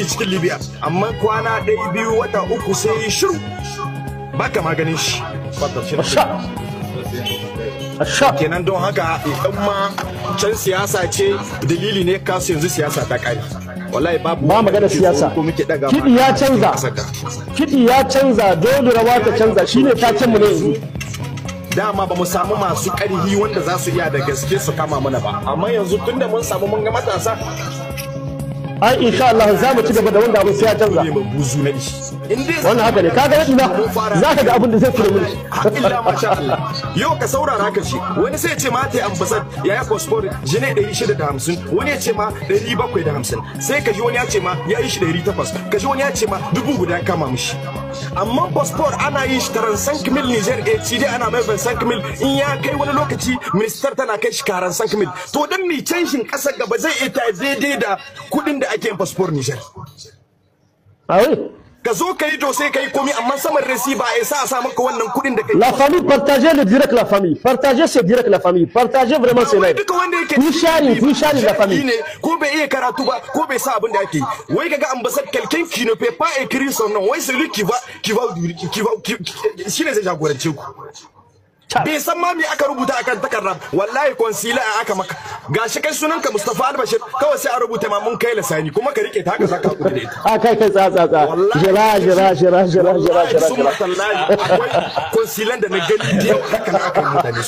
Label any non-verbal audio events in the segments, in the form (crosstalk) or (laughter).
shi cikin libya amma kwana ɗaya biyu wata uku sai shiru baka maganin shi kenan don haka idan ma can siyasa ce dalili ne kasu yanzu siyasa ta kare wallahi babu ba magana siyasa kidi ya canza kidi ya canza dole rawa ta canza shine ta mu ne yanzu dama ba mu samu masu ƙarhi wanda za su iya da gaske su kama mana ba amma yanzu tunda mun samu mun ga matasa ai insha Allah za mu ci gaba da wanda abin sai ya canza wannan haka ne kaga yadda za ka ga abin da zai fure mulki illa masha Allah yau ka saurara ka shi wani sai ya ce ma tai ambassad ya ya passport jine 650 wani ya ce ma 750 sai ka ji wani ya ce ma ya yi shi 800 ka ji wani ya ce ma dubu guda kama mishi amma passport ana yin shi taran sankimil niger a cd ana mai ban mil in ya kai wani lokaci ministar tana kai shi karan mil to don mi canshin kasar gaba zai iya daidai da kuɗin da ake yin passport niger. ka zo ka yi to sai ka yi komi amma saman resiba ya sa a sa ka wannan kuɗin da kai la famille partager le direct la famille partager c'est direct la famille partager vraiment c'est live duka wanda yake ku sharing ku sharing la famille ne ko bai iya karatu ba ko bai sa abin da ake wai kaga ambassad quelqu'un ki ne peut pas écrire son nom wai celui qui va qui va qui va shine zai jagorance ku bai san ma me aka rubuta akan takarda wallahi konsila a aka maka gashi kai sunanka Mustafa Albashir kawai sai a rubuta ma mun kai lasani kuma ka rike ta haka zaka ku da ita a kai kai tsa tsa tsa jira jira jira jira jira jira jira wallahi akwai concealer da na gani da yau haka na aka mutane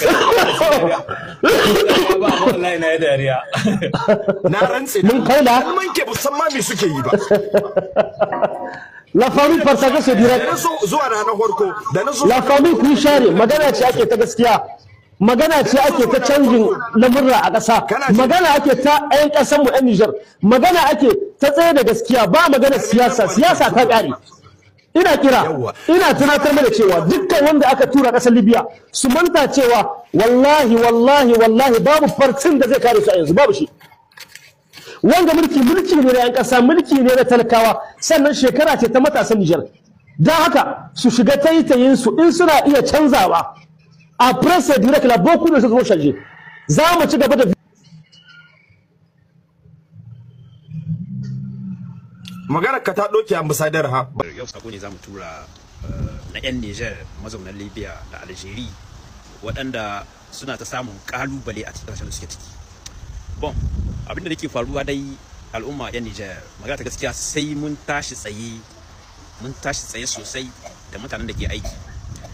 ba wallahi na dariya na rantsi mun kai da mun ke musamman me suke yi ba (laughs) La famille partage ce direct. La famille kun share magana ce ake ta gaskiya. Magana ce ake ta canjin lamurra a ƙasa. Magana ake ta 'yan ƙasar mu 'yan Nijar. Magana ake ta tsaye da gaskiya ba magana siyasa. Siyasa ta ƙare. Ina kira, ina tunatar da cewa dukkan wanda aka tura ƙasar Libya su manta cewa wallahi wallahi wallahi babu farcin da zai kare su a yanzu babu shi. wanda mulki mulki ne na yan kasa mulki ne na talakawa sannan shekara ce ta matasan Nijar dan haka su shiga taitayin su in suna iya canzawa a presse direct la beaucoup de choses za mu ci gaba da maganar ka ta doke a ha yau sako ne zamu tura eh, na yan Niger mazaunan Libya da Algeria waɗanda suna ta samun kalubale a cikin suke ciki bon abinda da ke faruwa dai al'umma yan Nijar magana ta gaskiya sai mun tashi tsaye mun tashi tsaye sosai da mutanen da ke aiki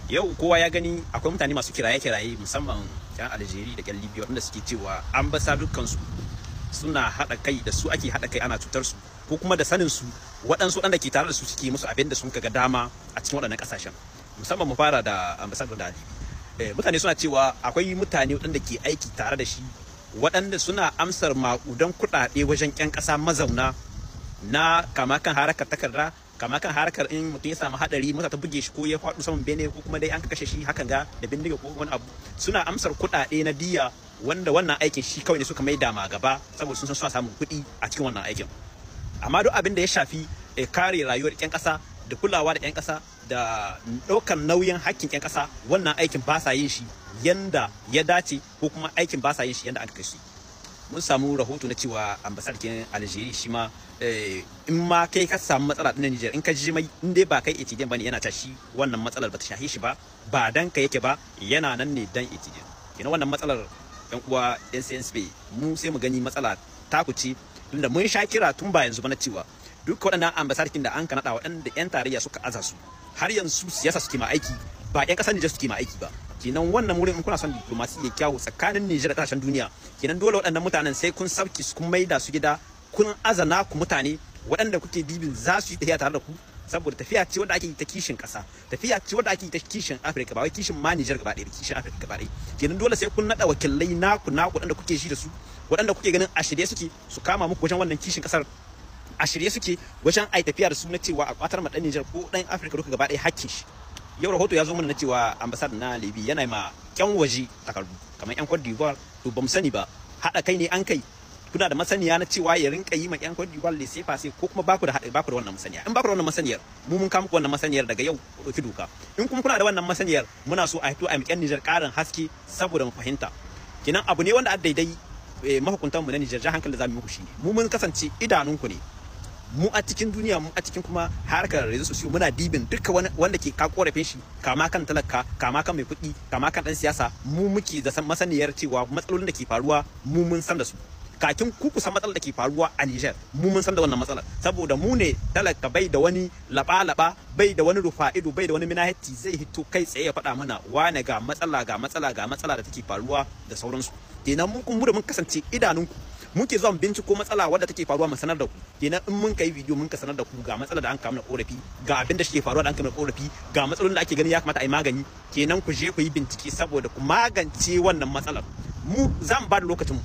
yau kowa ya gani akwai mutane masu kiraye-kiraye musamman yan Aljeri da yan Libya wanda suke cewa an basa dukkansu suna haɗa kai da su ake haɗa kai ana cutar su ko kuma da sanin su waɗansu waɗanda ke tare da su suke musu abin da sun kaga dama a cikin waɗannan ƙasashen musamman mu fara da ambasador da eh, mutane suna cewa akwai mutane waɗanda ke aiki tare da shi waɗanda suna amsar maƙudan kuɗaɗe wajen 'yan ƙasa mazauna na kama kan harakar takarda kama kan harakar in mutum ya samu haɗari, mota ta buge shi ko ya faɗo saman bene ko kuma dai an kashe shi hakan ga da bindiga ko wani abu suna amsar kuɗaɗe na diya wanda wannan aikin shi kawai ne suka mai dama gaba saboda sun san suna samun kuɗi a cikin wannan aikin amma duk abin da ya shafi eh, kare rayuwar 'yan ƙasa da kulawa da 'yan ƙasa da ɗaukar nauyin hakkin 'yan ƙasa wannan aikin ba sa yin shi yanda ya dace ko kuma aikin ba sa yin shi yanda aka kashi mun samu rahoto na cewa ambasadakin aljeri shi ma eh, in ma kai ka samu matsala ɗin nijar in ka ji mai in dai ba kai etidiyan bane yana ta wannan matsalar ba ta shahi shi ba ba dan ka yake ba yana nan ne dan etidiyan ina wannan matsalar yan uwa yan mu sai mu gani matsala taku ce tunda mun sha kira tun ba yanzu ba na cewa duk waɗannan ambasadikin da an kana da waɗanda 'yan tarayya suka aza su har yanzu siyasa suke ma aiki ba 'yan ƙasar Nijar suke ma aiki ba kenan wannan wurin in kuna son diplomasi ya kyawu tsakanin Nijar da kasashen duniya kenan dole waɗannan mutanen sai kun sauki su kun maida su gida kun azana ku mutane waɗanda kuke dibin za su yi tafiya tare da ku saboda tafiya ce wadda ake yi ta kishin ƙasa tafiya ce wadda ake yi ta kishin Afirka ba wai kishin ma Nijar gaba ɗaya kishin Afirka gaba ɗaya kenan dole sai kun naɗa wakilai naku naku waɗanda kuke shi da su waɗanda kuke ganin a shirye suke su kama muku wajen wannan kishin ƙasar a shirye suke wajen ai tafiya da su na cewa a kwatar ma dan Niger ko dan Africa duka gaba ɗaya hakkin shi yau rahoto ya zo mana na cewa ambassador na Libya yana ma kyan waje takardu kamar yan Cote d'Ivoire to bamu sani ba hada kai ne an kai kuna da masaniya na cewa ya rinka yi ma yan Cote d'Ivoire lesse fase ko kuma baku da hada baku da wannan masaniya in baku da wannan masaniyar mu mun kama wannan masaniyar daga yau ku ɗauki doka in kuma kuna da wannan masaniyar muna so a hito a yan Niger ƙarin haske saboda mu fahimta kinan abu ne wanda a daidai eh, mahukuntan mu na Niger ja hankali zamu muku shi ne mu mun kasance idanunku ne mu a cikin duniya mu a cikin kuma harkar rezo su muna dibin duka wanda ke ka korafin shi kama kan talaka kama kan mai kuɗi kama kan ɗan siyasa mu muke da masaniyar cewa matsalolin da ke faruwa mu mun san da su kakin ku kusan matsalar da ke faruwa a Niger mu mun san da wannan matsalar saboda mu ne talaka bai da wani laba-laba bai da wani rufa ido bai da wani minahiti zai hito kai tsaye ya faɗa mana wane ga matsala ga matsala ga matsala da take faruwa da sauransu kenan mu kun mu da mun kasance idanunku muke zuwa binciko matsala wadda take faruwa mu sanar da ku kenan in mun kai video mun ka sanar da ku ga matsala da an kama korafi ga abin da shike faruwa da an kama korafi ga matsalolin da ake ganin ya kamata a yi magani kenan ku je ku yi bincike saboda ku magance wannan matsalar mu zan ba da lokacin mu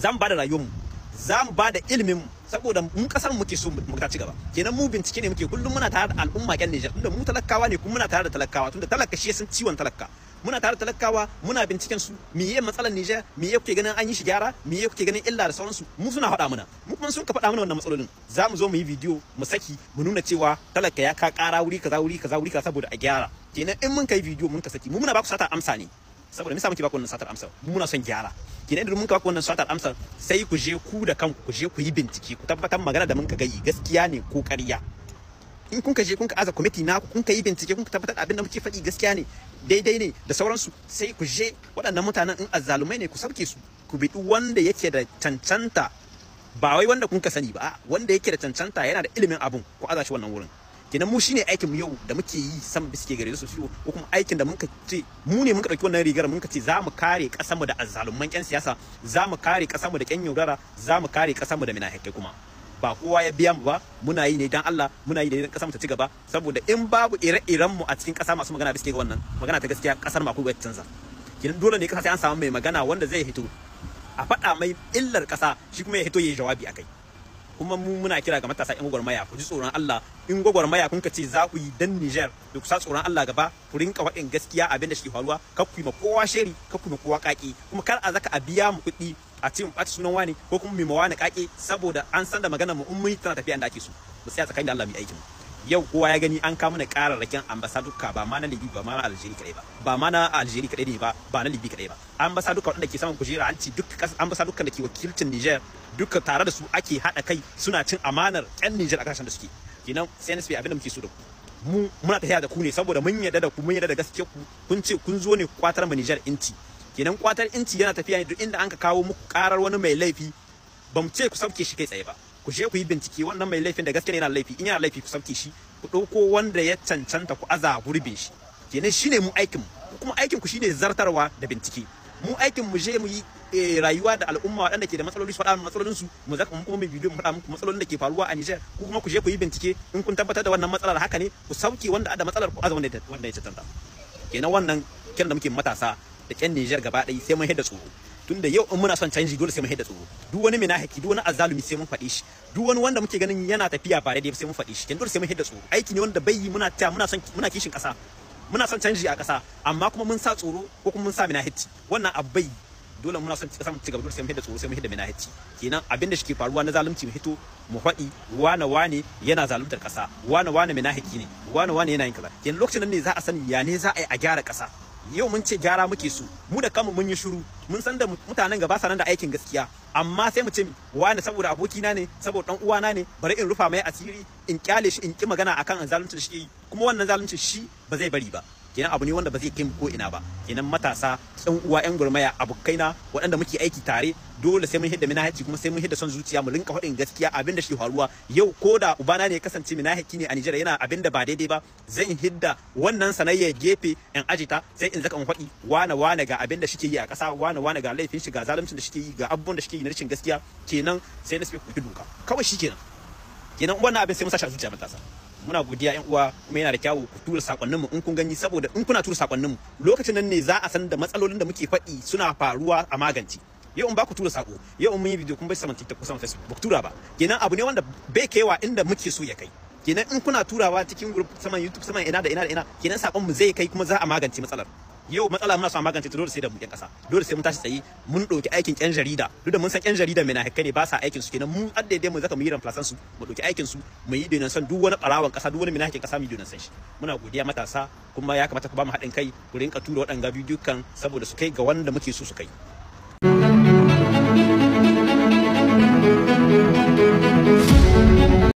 zan ba da rayuwar mu za mu ba da ilimin mu saboda mu kasar muke so mu ci gaba kenan mu bincike ne muke kullum muna tare da al'umma kyan Niger tunda mu talakawa ne kuma muna tare da talakawa tunda talaka shi sun ciwon talaka muna tare talakawa muna binciken su miye matsalar Niger miye kuke ganin an yi shi gyara miye kuke ganin illa da sauransu mu suna faɗa mana mu kuma sun ka faɗa mana wannan matsalolin za mu zo mu yi bidiyo mu saki mu nuna cewa talaka ya ka ƙara wuri kaza wuri kaza wuri kaza saboda a gyara kenan in mun kai bidiyo mun ka saki mu muna ba ku sata amsa ne saboda misa muke ba ku wannan satar amsa mu muna son gyara kenan idan mun ka ba ku wannan satar amsa sai ku je ku da kanku ku je ku yi bincike ku tabbatar magana da mun ka gayi gaskiya ne ko ƙarya in kun ka je kun ka aza kwamiti na ku kun ka yi bincike kun ka tabbatar abin da muke faɗi gaskiya ne daidai ne da sauransu sai ku je waɗannan mutanen in azzalumai ne ku sauke su ku bi wanda yake da cancanta ba wai wanda kun ka sani ba wanda yake da cancanta yana da ilimin abun ku aza shi wannan wurin kenan mu shine aikin mu yau da muke yi sama biske gare su ko kuma aikin da muka ce mu ne muka dauki wannan rigar muka ce za mu kare kasar mu da azzalumman yan siyasa za mu kare kasar mu da yan yaudara za mu kare kasar mu da minahikai kuma ba kowa ya biya mu ba muna yi ne dan Allah muna yi ne dan kasar mu ta ci gaba saboda in babu ire-iren mu a cikin kasa masu magana biske ga wannan magana ta gaskiya kasar ma ku ga canza kin dole ne kasa sai an samu mai magana wanda zai hito a faɗa mai illar kasa shi kuma ya hito yayi jawabi akai kuma mu muna kira ga matasa yan gwagwarmaya ku ji tsoron Allah in gwagwarmaya kun ka ce za ku yi dan Niger da ku sa tsoron Allah gaba ku rinka waɗin gaskiya abin da shi faruwa kar ku yi ma kowa sheri kar ku yi ma kowa kaki kuma kar a zaka a biya mu kuɗi a ce mu ɓaci sunan wani ko kuma mu ma wani kaki saboda an san da maganar mu in tana tafiya da ake so mu tsaya tsakanin da Allah mu yi aikin mu yau kowa ya gani an kama na kararrakin ambasaduka ba ma na libi ba ma na kadai ba ba ma na kadai ne ba ba na libi kadai ba ambasaduka wanda ke saman kujera an ci duk ambasadukan da ke wakilcin Niger duka tare da su ake haɗa kai suna cin amanar yan Niger a kasashen da suke kenan sai na abin da muke so da ku mu muna tafiya da ku ne saboda mun yarda da ku mun yarda da gaske ku kun ce kun zo ne kwatar mu Niger inci kenan kwatar inci yana tafiya ne duk inda an ka kawo muku karar wani mai laifi ba mu ce ku sauke shi kai tsaye ba ku je ku yi bincike wannan mai laifin da gaskiya yana laifi in yana laifi ku sauke shi ku ɗauko wanda ya cancanta ku aza gurbin shi kenan shine mu aikin mu kuma aikin ku shine zartarwa da bincike mu aikin mu je mu yi eh, rayuwa da al'umma waɗanda ke da matsaloli su faɗa matsalolin su mu zaka mu kuma mu bidiyo mu faɗa muku matsalolin da ke faruwa a Niger ku kuma ku je ku yi bincike in kun tabbatar da wannan matsalar haka ne ku sauke wanda da matsalar ku aza wanda wanda ya cancanta kenan wannan kiran da muke matasa da kyan Niger gaba ɗaya sai mun hidda tsoro tunda yau in muna son canji dole sai mun haida tsoro duk wani minahiki duk wani azalumi sai mun faɗi shi duk wani wanda muke ganin yana tafiya ba daidai sai mun faɗi shi dole sai mun haida tsoro aiki ne wanda bai yi muna ta muna son muna kishin ƙasa muna son canji a ƙasa amma kuma mun sa tsoro ko kuma mun sa minahiti wannan abai dole muna son ƙasa mu ci gaba dole sai mun haida tsoro sai mun haida minahiti kenan abin da shike faruwa na zalunci mu hito mu faɗi wane wane yana zaluntar ƙasa wane wane minahiki ne wane wane yana yin kaza kenan lokacin nan ne za a sani ya ne za a yi a gyara ƙasa yau mun ce gyara muke so mu da kanmu mun yi shiru mun san da mutanen gaba sanan da aikin gaskiya amma sai mu ce wani saboda abokina ne saboda dan uwana ne bari in rufa mai asiri in kyale shi in ki magana akan zaluncin shi kuma wannan zalunci shi ba zai bari ba kenan abu ne wanda ba zai kai mu ko ina ba kenan matasa ɗan uwa ƴan gurmaya abokaina waɗanda muke aiki tare dole sai mun hidda minahaci kuma sai mun hidda son zuciya mu rinka faɗin gaskiya abin da shi faruwa yau ko da ubana ne ya kasance minahiki ne a Nijar yana abin da ba daidai ba zan hidda wannan sanayya gefe in ajita sai in zaka in faɗi wane wane ga abin da shike yi a ƙasa wane wane ga laifin shi ga zaluncin da shike yi ga abubuwan da shike yi na rashin gaskiya kenan sai na sai ku doka kawai shikenan kenan wannan abin sai mun sashi a zuciya matasa muna godiya yan uwa kuma yana da kyawu ku tura sakonnin mu in kun gani saboda in kuna tura sakonnin mu lokacin nan ne za a san da matsalolin da muke faɗi suna faruwa a magance yau in ba ku tura sako yau in mun yi bidiyo kun bai saman TikTok ko saman Facebook ba ku tura ba kenan abu ne wanda bai kaiwa inda muke so ya kai kenan in kuna turawa cikin group saman YouTube saman ina da ina da ina kenan sakon mu zai kai kuma za a magance matsalar yau matsala muna son magance ta dole sai da mu yan kasa dole sai mun tashi tsaye mun dauki aikin yan jarida duk da mun san yan jarida mai nahikai ne ba sa aikin su kenan mu adda dai mu zaka mu yi ramplasan su mu ɗauki aikin su mu yi dinan san duk wani barawan kasa duk wani mai nahikin kasa mu dinan san shi muna godiya matasa kuma ya kamata ku ba mu haɗin kai ku rinka tura waɗanga bidiyo kan saboda su kai ga wanda muke so su kai